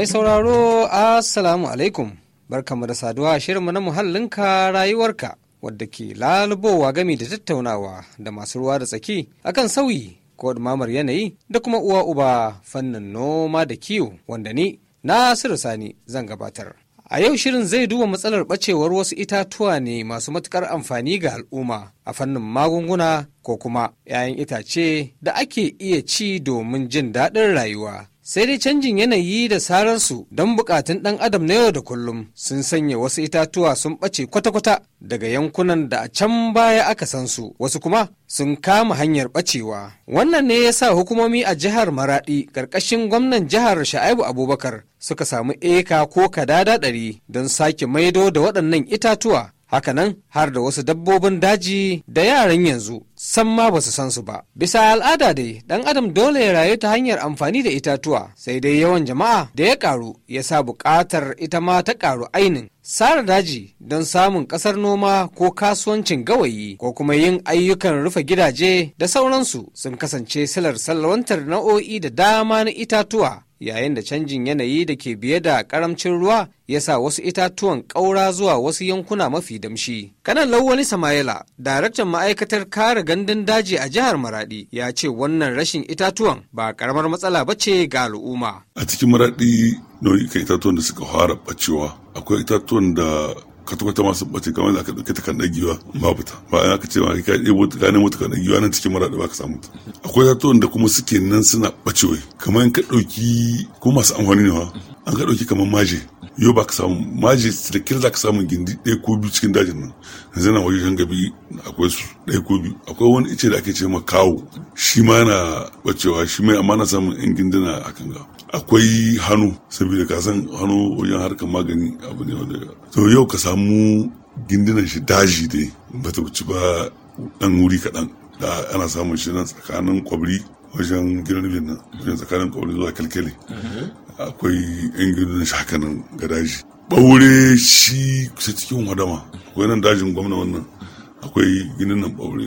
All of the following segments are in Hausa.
Mai sauraro Assalamu alaikum barkamu da saduwa shirinmu na muhallinka rayuwarka wadda ke lalubowa gami da tattaunawa da masu ruwa da tsaki akan sauyi ko mamar yanayi da kuma uwa uba fannin noma da kiwo wanda ni Nasiru Sani zan gabatar. A yau shirin zai duba matsalar ɓacewar wasu itatuwa ne masu matukar amfani ga al'umma a fannin magunguna ko kuma 'ya'yan itace da ake iya ci domin jin daɗin rayuwa. sai dai canjin yanayi da sararsu don bukatun ɗan adam na yau da kullum sun sanya wasu itatuwa sun ɓace kwata-kwata daga yankunan da a can baya aka san su wasu kuma sun kama hanyar ɓacewa wannan ne ya sa hukumomi a jihar Maradi ƙarƙashin gwamnan jihar sha'ibu abubakar suka samu eka ko kadada ɗari don sake maido da waɗannan itatuwa hakanan har da wasu dabbobin daji da yaran yanzu san ma ba su san su ba bisa al'ada dai dan adam dole ya rayu ta hanyar amfani da itatuwa sai dai yawan jama'a da ya karu ya sa bukatar ita ma ta karu ainin sara daji don samun kasar noma ko kasuwancin gawayi ko kuma yin ayyukan rufe gidaje da sauransu sun kasance silar sallawantar na'o'i da dama na itatuwa yayin da canjin yanayi da ke biye da karamcin ruwa ya sa wasu itatuwan ƙaura zuwa wasu yankuna mafi damshi. Kanan Lawwani Samayela, daraktan ma'aikatar kare gandun daji a jihar Maradi, ya ce wannan rashin itatuwan ba karamar matsala ba ce ga al'umma. A cikin Maradi nau'ikan itatuwan da suka fara bacewa akwai itatuwan da kwata-kwata masu bace kamar da aka ta kanna giwa ba fita ba aka ce ma ka ɗebo ka nemo kanna giwa nan cikin da ba ka samu ta akwai tatuwan da kuma suke nan suna bacewai kamar ka ɗauki ko masu amfani ne an ka ɗauki kamar maje yau ba ka samu maje da za ka samu gindi ɗaya ko biyu cikin dajin nan yanzu na wajen gabi akwai su ɗaya ko biyu akwai wani ice da ake ce ma kawo shi ma yana bacewa shi mai amma na samun yan gindina a kan ga akwai hannu saboda ka san hannu wajen harkar magani abu ne wanda to yau ka samu gindinan shi daji dai ba ta wuce ba ɗan wuri kaɗan da ana samun shi nan tsakanin kwabri wajen girgin nan wajen tsakanin kauri zuwa kalkali akwai yan gidan shakanan ga daji ɓaure shi kusa cikin wadama akwai nan dajin gwamna wannan akwai ginin nan ɓaure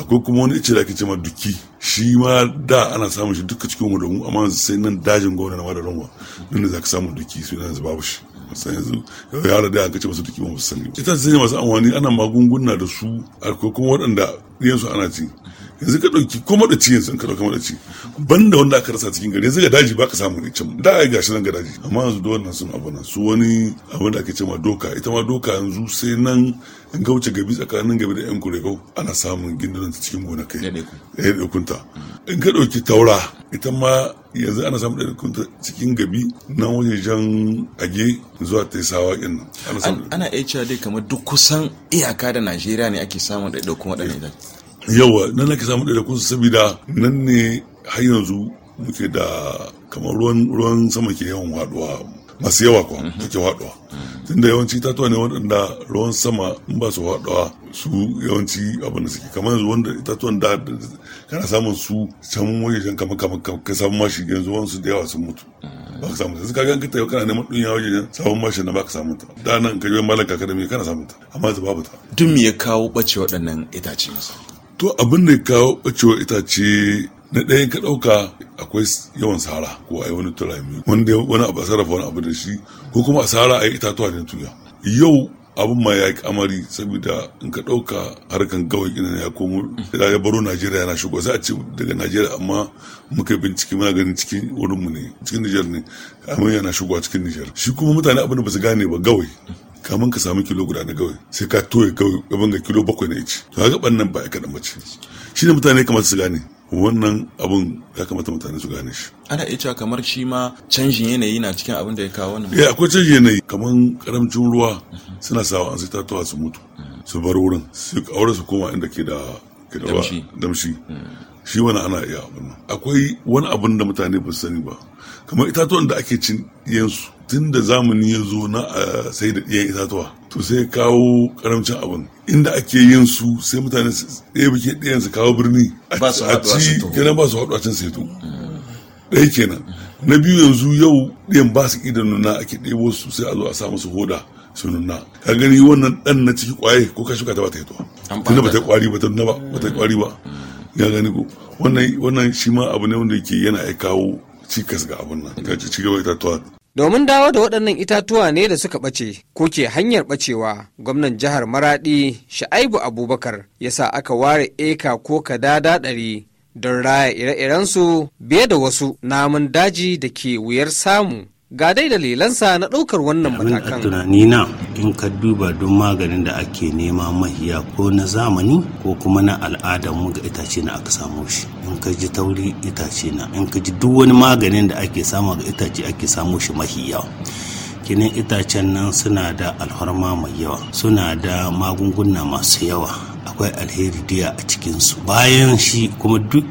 akwai kuma wani ice da ake cewa duki shi ma da ana samun shi duka cikin wadamu amma sai nan dajin gwamna na wadaran wa nuna za ka samu duki su yanzu babu shi san yanzu yara da aka ce masu duki ba su sani ita sai masu amfani ana magunguna da su akwai kuma waɗanda ɗiyansu ana ci yanzu ka ɗauki ko maɗaci yanzu ka ɗauka maɗaci banda wanda aka rasa cikin gari yanzu ga daji ba ka samu ne can da ai gashi nan ga daji amma yanzu da wannan sun abu nan su wani abin da ake ce ma doka ita ma doka yanzu sai nan in ka wuce gabi tsakanin gabi da yan kurekau ana samun gindunan ta cikin gonakai ɗaya da kunta in ka ɗauki taura ita ma yanzu ana samun ɗaya kunta cikin gabi na wajen age zuwa ta yi sawa ɗin nan ana iya cewa dai kamar duk kusan iyaka da najeriya ne ake samun ɗaya da kuma ɗaya yawa nan ake samu ɗaiɗaikun su saboda nan ne har yanzu muke da kamar ruwan ruwan sama ke yawan haɗuwa masu yawa kuwa mhm. take haɗuwa mhm. tunda yawanci ta tuwa ne waɗanda ruwan sama in ba su haɗuwa su yawanci abin da suke kamar yanzu wanda tuwa da kana samun su can wajejen kamar kamar ka samu mashi yanzu wansu da yawa sun mutu mhm. ba ka samu ta suka gan yau kana neman dunya wajejen samun mashi na ba ka samu ta da nan ka yi malam malaka da me kana samun ta amma ta babu ta. dun me ya kawo ɓace waɗannan itace masu. to abin da kawo ita ce. na ɗayan ka ɗauka akwai yawan sahara ko a yi wani mai wanda wani abu a sarrafa wani abu da shi ko kuma a sahara a yi itatuwa da tuya yau abin ma ya yi kamari saboda in ka ɗauka harkan gawai ina ya komo da ya baro najeriya yana shigo za a ce daga najeriya amma muka bincike muna ganin cikin wurinmu ne cikin nijar ne amma yana shigo cikin nijar shi kuma mutane abin da ba su gane ba gawai kamun ka samu kilo guda na gawai sai ka toye gaban ga kilo bakwai na ici to haka bannan ba kaɗan mace shi ne mutane kamata su gane wannan abun ya kamata mutane su gane shi ana iya cewa kamar shi ma canjin yanayi na cikin abin da ya kawo wannan eh akwai canjin yanayi kamar karamcin ruwa suna sawa an sai tatuwa su mutu su bar wurin su aure su koma inda ke da ke da damshi hmm. shi wani ana iya abin akwai wani abin da mutane ba su sani ba kamar itatuwan da ake cin yansu tun da zamani ya zo na a sai da iya itatuwa to sai kawo karamcin abin inda ake yin su sai mutane ɗaya bike ɗayan su kawo birni a ci kenan ba su haɗu a can sai to ɗaya kenan na biyu yanzu yau ɗayan ba su da nuna ake ɗebo su sai a zo a sa musu hoda su nuna ka gani wannan ɗan na ciki ƙwaye ko ka shuka ta ba ta yi tuwa tunda ba ta ƙwari ba ta nuna ba ba ta ƙwari ba mm. ya gani ko wannan shi ma abu ne wanda yake yana ya kawo cikas ga abin nan ga ci gaba itatuwa domin dawo da waɗannan itatuwa ne da suka ɓace ko ke hanyar ɓacewa gwamnan jihar maraɗi sha'aibu abubakar ya sa aka ware eka ko kadada ɗari don raya ire-irensu biye da wasu namun daji da ke wuyar samu Ga dai dalilansa na ɗaukar wannan matakan. tunani na in ka duba don maganin da ake nema mahiya ko na zamani ko kuma na al'ada mu ga itace na aka samu shi. In ka ji tauri itace na in ka ji duk wani maganin da ake samu ga itace ake samu shi mahiya. kinin itacen nan suna da alharma mai yawa suna da magunguna masu yawa akwai alheri diya a cikinsu bayan shi kuma duk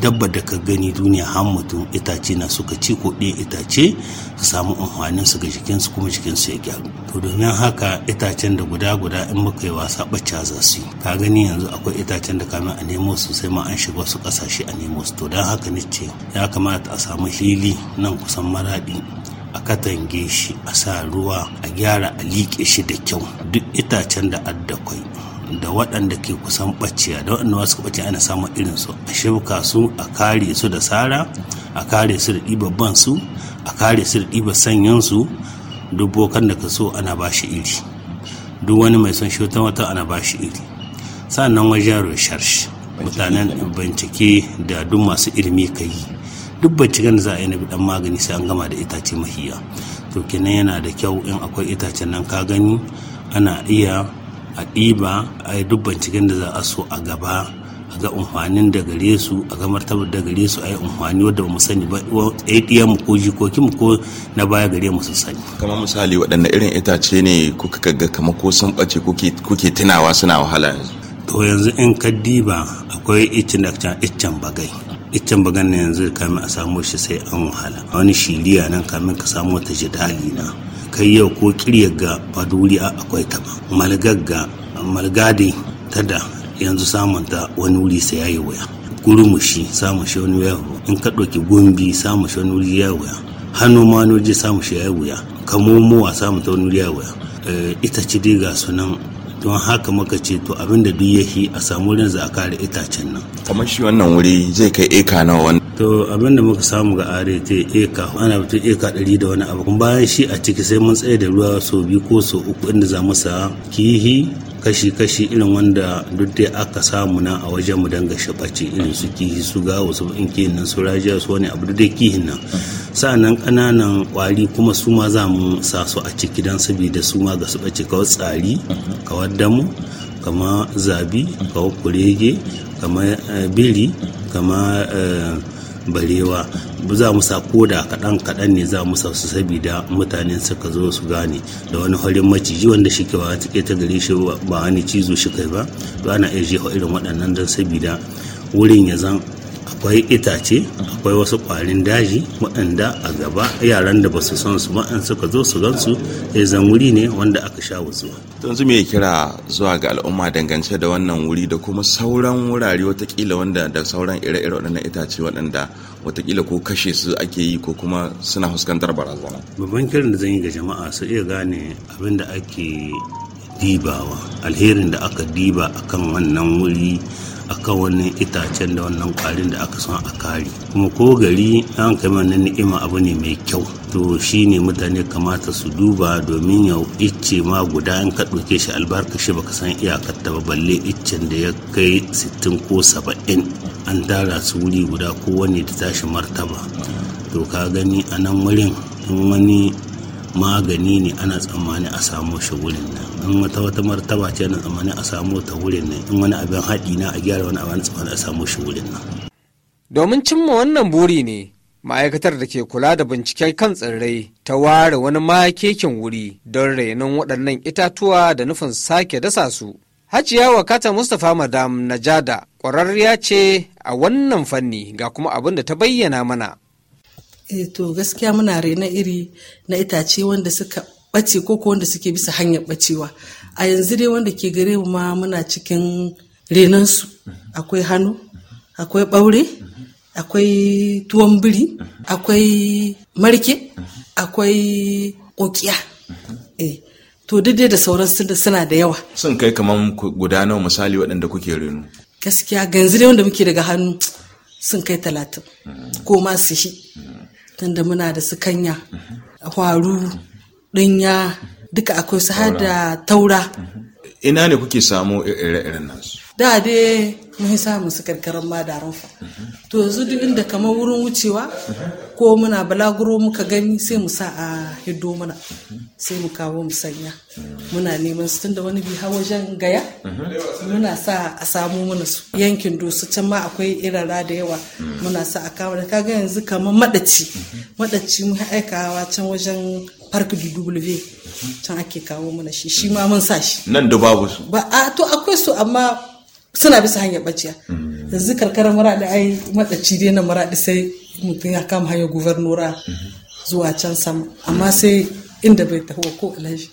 dabba da ka gani duniya har mutum itace na suka ci ko ɗaya itace su samu amfanin su ga jikin su kuma jikin su ya gyaru to domin haka itacen da guda guda in muka yi wasa bacca za su yi ka gani yanzu akwai itacen da kamin a nemo su sai ma an shiga wasu kasashe a nemo su to don haka ni ce ya kamata a samu hili nan kusan maraɗi a katange shi a sa ruwa a gyara a liƙe shi da kyau duk itacen da addakwai da waɗanda ke kusan ɓaciya da waɗanda wasu ɓace ana samun irin su a shibka su a kare su da sara a kare su da ɗibar su a kare su da ɗibar sanyin su duk bokan da ka so ana ba shi iri duk wani mai son shi wata ana ba shi iri sannan wajen resharshi mutanen bincike da duk masu ilimi ka yi duk binciken da za a yi na dan magani sai an gama da itace mahiya to kenan yana da kyau in akwai itacen nan ka gani ana iya a ɗiba a yi duk binciken da za a so a gaba a ga amfanin da gare su a ga martabar da gare su a yi amfani wadda ba mu sani ba ɗaya ɗiya mu ko jikoki mu ko na baya gare mu su sani. kamar misali waɗanne irin itace ne kuka ga kama ko sun ɓace kuke tunawa suna wahala yanzu. to yanzu in ka diba akwai iccen iccen bagai iccen bagan na yanzu kamin a samo shi sai an wahala a wani shiriya nan kamin ka samo wata jidali na kai yau ko kirya ga faduri a akwai ta ba malgagga ta tada yanzu samunta wani wuri sai yayi waya gurumushi samun shi wani waya in ka ɗauki gombi samun shi wani wuri ya waya hannu manoji samun shi ya waya kamomowa samun ta wani wuri ya waya eh, ita ci dai ga sunan don haka muka ce to abin da duk yahi a samu wurin za a kare itacen nan kamar shi wannan wuri zai kai eka nawa to abinda muka samu ga aret eka ana fito eka ɗari da wani abu bayan shi a ciki sai mun tsaye da ruwa sau biyu ko sau uku inda za mu sa kihi kashi-kashi irin wanda duk da aka samu na a wajen mu danga shafaci irin su kihi su gawo su in kihin nan su rajiya su wani abu da kihin nan sa'annan kananan kwari kuma su ma za mu sa su a ciki dan saboda su ma ga su bace kawai tsari kawai damu kama zabi kawai kurege kama eh, biri kama eh, barewa za mu sa koda kaɗan kaɗan ne za mu sa su saboda mutane suka zo su gane da wani horin maciji wanda shi ke ba ta gare shi ba wani cizo shi kai ba to ana iya jefa irin waɗannan don sabida wurin ya zan akwai itace akwai wasu kwarin daji waɗanda a gaba yaran da ba su san su ba an suka zo su gansu sai zan wuri ne wanda aka sha wasu yanzu me kira zuwa ga al'umma dangance da wannan wuri da kuma sauran wurare watakila wanda da sauran ire-ire waɗannan itace waɗanda watakila ko kashe su ake yi ko kuma suna fuskantar barazana babban kiran da zan yi ga jama'a su iya gane abin da ake dibawa alherin da aka diba akan wannan wuri akan wannan itacen da wannan kwarin da aka son a kare kuma ko gari an kai wannan ni'ima abu ne mai kyau to shine mutane kamata su duba domin ya icce ma guda in ka ɗauke shi albarkashi baka san iyakar ta balle iccen da ya kai sittin ko saba'in an tara su wuri guda ko wani da tashi martaba to ka gani a nan wurin in wani magani ne ana tsammani a samu shi wurin nan in wata wata martaba ce ana tsammani a samu ta wurin nan in wani abin haɗi na a gyara wani abin tsammani a samu shi wurin nan. domin cimma wannan buri ne ma'aikatar da ke kula da binciken kan tsirrai ta ware wani makekin wuri don rainon waɗannan itatuwa da nufin sake dasa su. Hajiya Wakata Mustapha Madam Najada ƙwararriya ce a wannan fanni ga kuma abin da ta bayyana mana. e to gaskiya muna rena iri na itace wanda suka bace ko ko wanda suke bisa hanyar bacewa a yanzu dai wanda ke gare mu ma muna cikin renansu su akwai hannu akwai ɓaure akwai tuwon biri akwai marke akwai kokiya eh to duk da sauran suna da yawa sun kai kamar guda nawa misali waɗanda kuke reno gaskiya ganzu dai wanda muke daga hannu sun kai talatin ko ma su shi tunda muna da su kanya hwaru ɗinya duka akwai su har da taura ina ne kuke samu ire-iren nasu da dai mun samun su karkarar madaran fa to yanzu duk inda kamar wurin wucewa ko muna balaguro muka gani sai mu sa a hiddo mana sai mu kawo mu sanya muna neman su tunda wani bi wajen gaya muna sa a samu mana su yankin dosu can ma akwai irara da yawa muna sa a kawo da kaga yanzu kamar madaci madaci mun aikawa can wajen park w can ake kawo mana shi shi ma mun sa shi nan da babu su ba a to akwai su amma suna bisa hanyar baciya mm. yanzu karkarar maraɗi ai matsaci dai na maraɗi sai mutum ya kama hanyar gubernura mm-hmm. zuwa can sama amma sai inda bai taho ko alhaji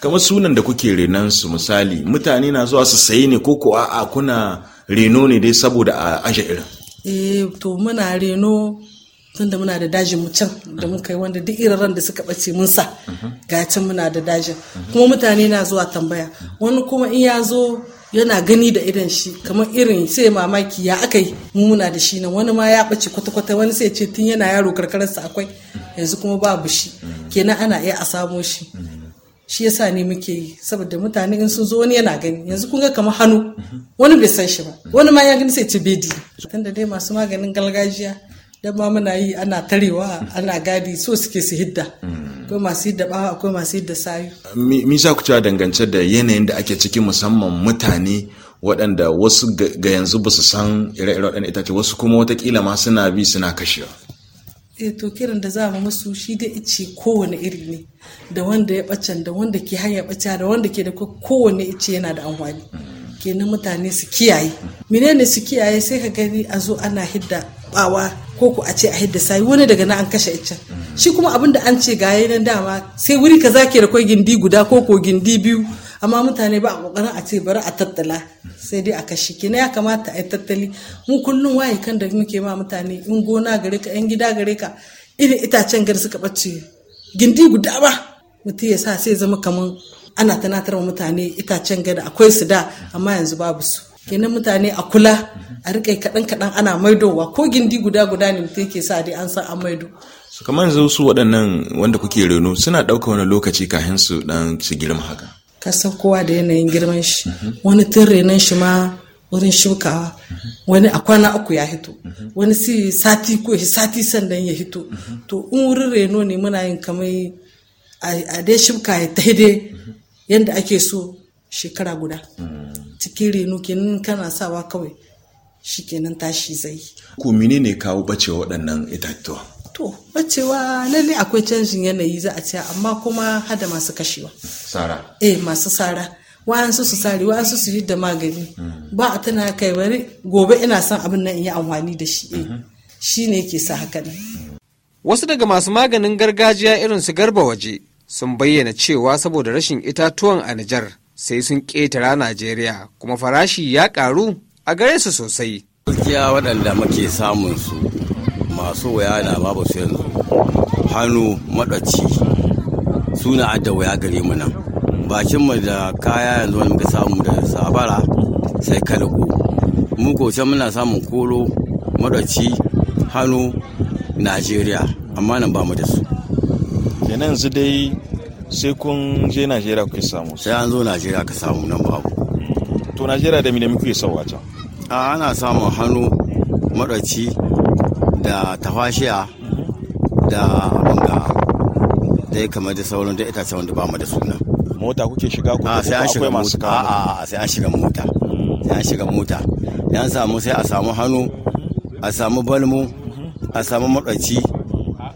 kamar sunan da kuke renon su misali mutane na zuwa su sayi ne ko ko a'a kuna reno ne dai saboda a aje irin eh to muna reno tunda muna da dajin mu can da mun kai wanda duk irin ran da suka bace mun sa mm-hmm. ga can muna da dajin mm-hmm. kuma mutane na zuwa tambaya wani kuma in ya zo yana gani da idan shi kamar irin sai mamaki ya aka yi muna da shi nan wani ma ya ɓace kwata-kwata wani sai ce tun yana yaro karkararsa akwai yanzu kuma babu shi kenan ana iya a samo shi shi yasa ne muke yi saboda mutane in sun zo wani yana gani yanzu kun ga kamar hannu wani bai san shi ba wani ma ya gani sai ce bedi tunda dai masu maganin gargajiya dan ma muna yi ana tarewa ana gadi so suke su hidda akwai masu yadda bawa akwai masu yadda sayu mi sa ku cewa dangance da yanayin da ake ciki musamman mutane waɗanda wasu ga yanzu ba su san ire ire waɗanda itace wasu kuma watakila ma suna bi suna kashewa e to kiran da za mu musu shi dai ice kowane iri ne da wanda ya ɓacan da wanda ke hanya ɓaca da wanda ke da kowane ice yana da amfani kenan mutane su kiyaye menene su kiyaye sai ka gani a zo ana hidda bawa ko ku a ce a hidda sayi wani daga na an kashe iccen shi kuma abin da an ce ga nan dama sai wuri kaza ke da kwai gindi guda ko ko gindi biyu amma mutane ba a kokarin a ce bari a tattala sai dai a kashi kina ya kamata a yi tattali mu kullum waye kan da muke ma mutane in gona gare ka yan gida gare ka irin itacen gari suka bace gindi guda ba mutum ya sa sai zama kaman ana tanatar wa mutane itacen gari akwai su da amma yanzu babu su kenan mutane a kula a riƙe kaɗan kaɗan ana maidowa ko gindi guda guda ne mutum ke sa dai an san an maido su kamar yanzu su waɗannan wanda kuke reno suna ɗauka wani lokaci kahin su dan su girma haka ka san kowa da yanayin girman shi wani tun renon shi ma wurin shukawa wani a kwana uku ya hito wani si sati ko sati sandan ya hito to in wurin reno ne muna yin kamar a dai shuka ya dai, yadda ake so shekara guda cikin reno kenan kana sawa kawai shi kenan tashi zai ko ne kawo bacewa waɗannan itatuwa to bacewa lalle akwai canjin yanayi za a ce amma kuma hada masu kashewa sara eh masu sara wa'ansu su sare wa'ansu su da magani mm. ba a tana kai bari gobe ina son abin nan in yi amfani da shi eh, mm-hmm. shi ne ke sa haka ne wasu daga masu maganin gargajiya irin su garba waje sun bayyana cewa saboda rashin itatuwan a Nijar sai sun ƙetara Najeriya kuma farashi ya ƙaru a gare su sosai. Gaskiya waɗanda muke samun su masu waya na babu su yanzu hannu maɗaci suna adda waya gare mu nan bakin mu da kaya yanzu wani muka samu da sabara sai kalago mu ko can muna samun koro maɗaci hannu najeriya amma nan ba mu da su kenan su dai sai kun je najeriya kuke samu sai an zo najeriya ka samu nan babu to najeriya da mine muke sauwa can a ana samun hannu maɗaci da tafashiya da abanga da ya kama da sauran da itace wanda ba mu da suna. Mota kuke shiga ko ah, sai an shiga mota. A'a ah, ah, sai an shiga mota. Sai an shiga mota. Yan samu sai a samu hannu, a samu balmu, a samu maɗaci,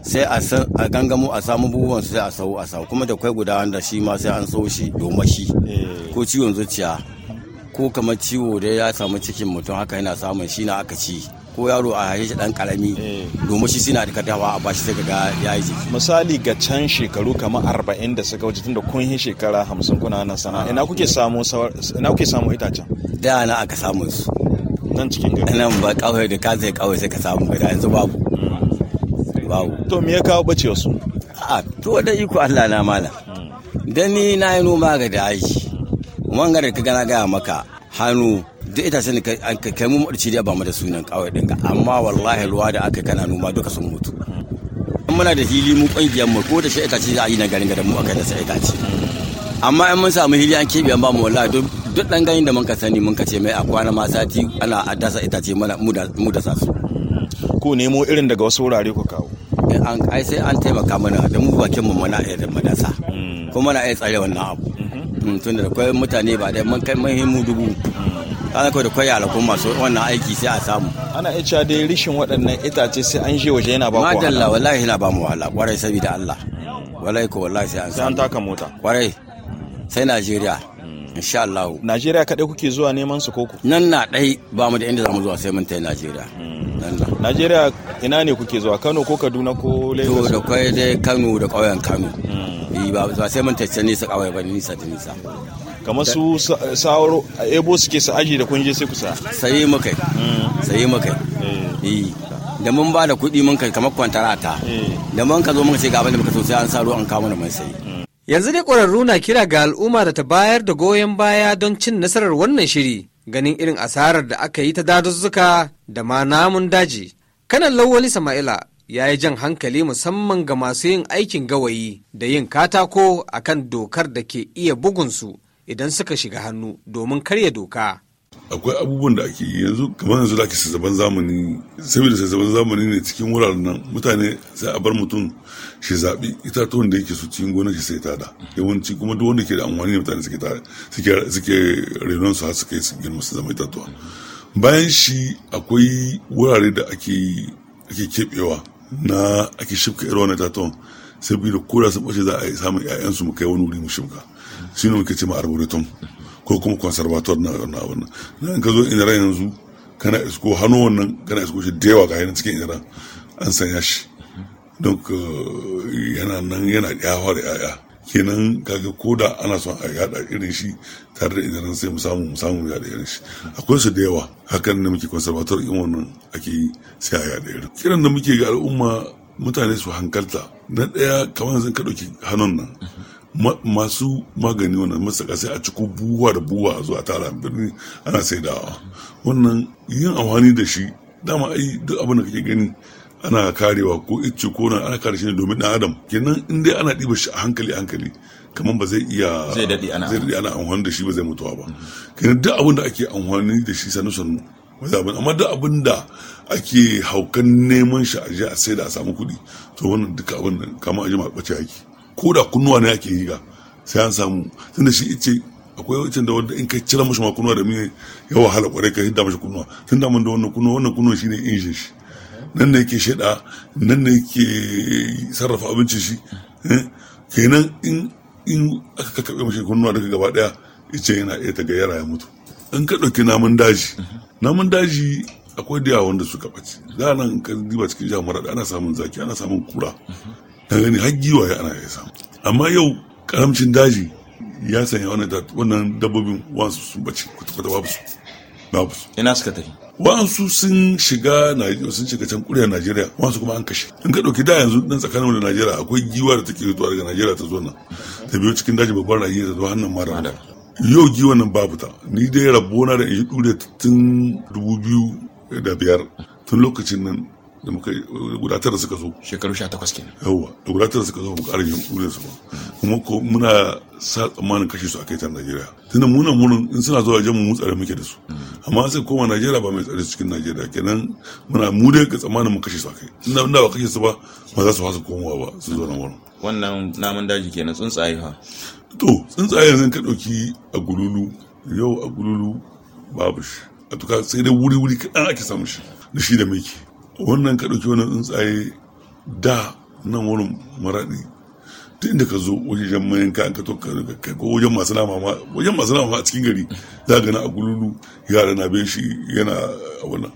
sai a gangamu a samu buwan sai a sau a sau kuma da kai guda wanda shi ma sai an sau shi domin shi eh. ko ciwon zuciya ko kamar ciwo da ya samu cikin mutum haka yana samun shi na aka ci. ko yaro a haye shi dan karami eh. domin shi suna da kadawa a bashi sai ga ya yi jiki misali ga can shekaru kamar arba'in da suka wuce tunda kun yi shekara hamsin kuna nan sana'a ina kuke samu ina kuke samu itacen da na aka samu su nan cikin gari nan ba kawai da ka zai kawai sai ka samu gari yanzu babu hmm. babu to me ya kawo bacewa su a to da iko Allah na mala hmm. dan ni na yi noma ga daji wanga da ka na ga maka hannu duk sani ka kai mu maɗarci dai ba mu da sunan kawai ɗin amma wallahi ruwa da aka kana noma duka sun mutu an muna da hili mu ƙungiyar mu ko da shi itace za a yi na garin garin mu aka da sai itace amma an mun samu hili an keɓe an ba mu wallahi duk duk ɗan ganin da mun ka sani mun ka ce mai a kwana ma sati ana addasa itace mana mu da sasu ko nemo irin daga wasu wurare ku kawo eh, ai sai an taimaka mana da mu bakin mu mana iya da madasa mm. kuma na iya tsare wannan abu mm-hmm. mm, tun da kwai mutane ba da mun kai mun dubu mm. ana kawai da kwaya al'umma so wannan aiki sai a samu ana iya cewa dai rishin waɗannan itace sai an je waje yana ba ku wahala madalla wallahi yana ba mu wahala kwarai saboda Allah wallahi ko wallahi sai an samu sai an taka mota kwarai sai Najeriya hmm. insha Allah Najeriya kadai kuke zuwa neman su koko nan na dai ba mu da inda zamu zuwa sai mun tai Najeriya hmm. Najeriya ina ne kuke zuwa Kano ko Kaduna ko Lagos to da kwai dai Kano da ƙauyen Kano hmm. ba sai mun tace nisa kawai ba nisa da nisa kamar su sauro a ebo suke su aji da kunje sai ku sa saye muka mm. saye muka eh. Eh. da mun ba da kuɗi mun kai kamar kwantarata ta eh. da mun ka zo mun ce ga abin da muka so sai an saro an kawo mana mai saye mm. yanzu dai ƙwararru na kira ga al'umma da ta bayar da goyon baya don cin nasarar wannan shiri ganin irin asarar da aka yi ta dadazzuka da ma namun daji kanan lawali sama'ila ya yi jan hankali musamman ga masu yin aikin gawayi da yin katako akan dokar da ke iya bugunsu idan suka shiga hannu domin karya doka. akwai abubuwan da ake yanzu kamar yanzu da ake sassaban zamani saboda sassaban zamani ne cikin wuraren nan mutane sai a bar mutum shi zaɓi itatuwan da yake su cikin gonar shi sai ta da yawanci kuma duk wanda ke da amfani da mutane suke suke renon su har su kai su girma su zama itatuwa bayan shi akwai wurare da ake ake keɓewa na ake shifka irin na itatuwan saboda ko su sun bace za a yi samun ƴaƴansu mu kai wani wuri mu shimka shi ne muke ce ma arboretum ko kuma conservator na na abin nan in ka zo inira yanzu kana isko hannu wannan kana isko shi da yawa ga yanzu cikin inira an sanya shi don eh, yana nan yana yawa da ƴaƴa kenan kaga ko da ana son a yada irin shi tare da inira sai mu samu mu samu yada irin shi akwai su da yawa hakan ne muke conservator in wannan ake yi sai a yada irin kiran da muke ga al'umma mutane su hankalta na ɗaya kamar sun ka ɗauki hannun nan masu magani wannan masaka sai a ciko buwa da buwa a zuwa tara birni ana saidawa wannan yin amfani da shi dama ai duk abin da kake gani ana karewa ko icce ko nan ana kare shi ne domin dan adam kenan in dai ana ɗiba shi a hankali hankali kamar ba zai iya zai daɗi ana amfani da shi ba zai mutuwa ba kenan duk abin da ake amfani da shi sanu sanu abin amma duk abin da ake haukan neman shi aje a sai da a samu kuɗi to wannan duka abin nan kama aje bace yake ko da kunnuwa ne ake yi ga sai an samu tunda shi ice akwai wancan da wanda in ka cire mashi ma kunnuwa da mine ya wahala kwarai ka hidda mashi kunnuwa tun da mun da wannan kunnuwa wannan kunnuwa shine injin shi nan ne yake sheda nan ne yake sarrafa abincin shi eh, kenan in in aka kakkaɓe mashi kunnuwa daga gaba daya ice yana iya ta yara ya mutu in ka dauki namun daji namun daji akwai da wanda suka ɓace da nan ka diba cikin jamara da ana samun zaki ana samun kura na gani har ya ana ya samu amma yau karamcin daji ya sanya wannan dabbobin wasu sun ɓace kwata-kwata babu su ba su ina suka tafi wansu sun shiga sun shiga can kuriya najeriya wansu kuma an kashe in ka ɗauki da yanzu dan tsakanin da najeriya akwai giwa da take zuwa daga najeriya ta zo nan ta biyo cikin daji babbar rayuwa ta zo hannun mara yau giwa nan babu ta ni dai rabona da in yi ɗure tun dubu biyu da biyar tun lokacin nan da muka eh, gudatar da suka zo shekaru sha takwas kenan yawa da gudatar da suka zo mu ƙara yin ɗure su ba kuma ko muna sa tsammanin kashe su a kai ta najeriya tunda muna murin in suna zuwa jan mu tsare muke da su amma sai koma najeriya ba mai tsare cikin najeriya kenan muna mu dai ka tsammanin mu kashe su a kai ina ba kashe su ba ba za su fasa komowa ba su zo na wurin wannan namun daji kenan tsuntsaye ha to tsuntsaye yanzu ka ɗauki a gululu yau a gululu babu shi a tuka sai dai wuri wuri kaɗan ake samun shi da shi da miki wannan ka ɗauki wannan tsuntsaye da nan wurin maraɗi ta inda ka zo wajen mayanka an ka to kai ko wajen masu nama ma wajen masu nama a cikin gari za a gani a gululu yara na bin shi yana a wannan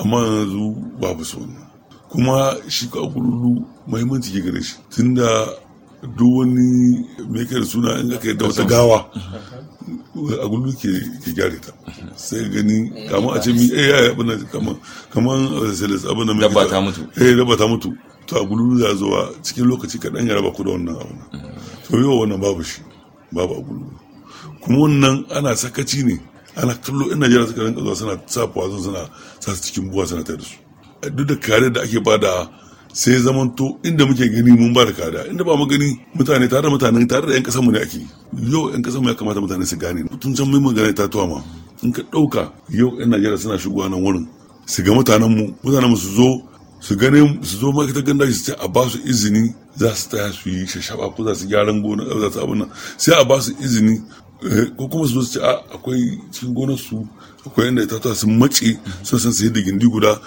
amma yanzu babu su wannan kuma shi ka gululu mahimmanci ke gare shi tunda duk wani mai da suna in aka da wata gawa a gudu ke gyara ta sai gani kama a ce mi eh ya abin da kama sales abin nan eh, dabba ta mutu eh dabba mutu to a gudu za zuwa cikin lokaci kaɗan ya raba ku da wannan abu to yau wannan babu shi babu a gudu kuma wannan ana sakaci ne ana kallo ina jira suka rinka zuwa suna sa fawazon suna sa cikin buwa suna ta da su duk da kare da ake bada sai zamanto inda muke gani mun ba da kada inda ba mu gani mutane tare da mutanen tare da yan kasar mu ne ake yau yan kasar mu ya kamata mutane su gane tun can mai magana ta tuwa ma in ka dauka yau yan Najeriya suna shigowa nan wurin su ga mutanen mu mutanen mu su zo su gane su zo ta ganda su ce a ba su izini za su ta su yi shashaba ko za su gyaran gona za su abin nan sai a ba su izini eh, ko kuma su ce ah, akwai cikin gonar su akwai inda tuwa sun mace sun san sai da gindi guda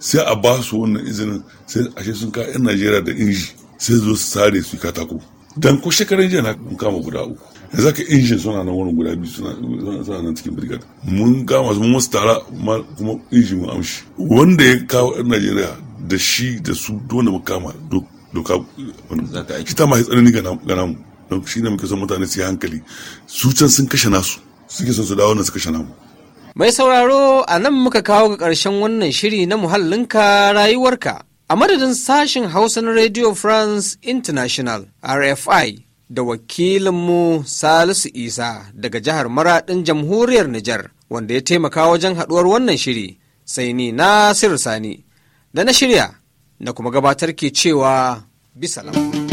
sai a ba su wannan izinin sai a shi sun ka'yan yan najeriya da inji sai zo su sare su katako dan ko shekaran jiya na kama guda uku yanzu haka injin suna nan wurin guda biyu suna nan cikin birgad mun kama su mun wasu tara kuma injin mu amshi wanda ya kawo yan najeriya da shi da su dole mu kama doka shi ta mai tsanani ga namu don shi ne muke son mutane su yi hankali su can sun kashe nasu suke son su dawo na su kashe namu Mai sauraro a nan muka kawo ga ƙarshen wannan shiri na muhallinka rayuwarka. A madadin sashen Hausa na Radio France International RFI da wakilinmu Salisu Isa daga jihar Maraɗin Jamhuriyar Nijar wanda ya taimaka wajen haɗuwar wannan shiri sai ni Nasiru Sani da na shirya na kuma gabatar ke cewa bisalam.